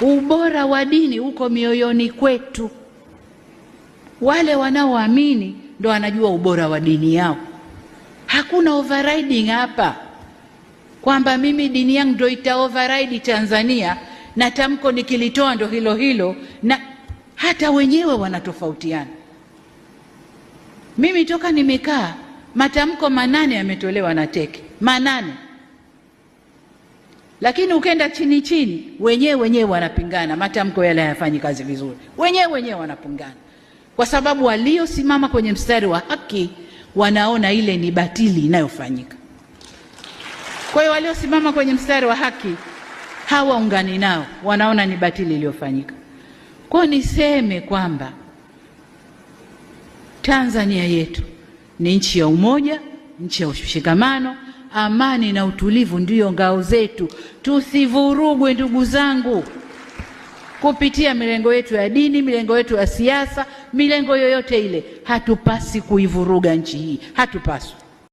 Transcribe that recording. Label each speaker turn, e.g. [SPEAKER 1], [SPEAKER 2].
[SPEAKER 1] Ubora wa dini uko mioyoni kwetu. Wale wanaoamini ndo wanajua ubora wa dini yao. Hakuna overriding hapa, kwamba mimi dini yangu ndo ita override Tanzania na tamko nikilitoa ndo hilo hilo, na hata wenyewe wanatofautiana. Mimi toka nimekaa matamko manane yametolewa na teke manane. Lakini ukenda chini chini, wenyewe wenyewe wanapingana, matamko yale hayafanyi kazi vizuri, wenyewe wenyewe wanapingana, kwa sababu waliosimama kwenye mstari wa haki wanaona ile ni batili inayofanyika. Kwa hiyo waliosimama kwenye mstari wa haki hawaungani nao, wanaona ni batili iliyofanyika. Kwa hiyo niseme kwamba Tanzania yetu ni nchi ya umoja, nchi ya ushikamano amani na utulivu ndiyo ngao zetu. Tusivurugwe ndugu zangu, kupitia milengo yetu ya dini, milengo yetu ya siasa, milengo yoyote ile. Hatupasi kuivuruga nchi hii, hatupaswi.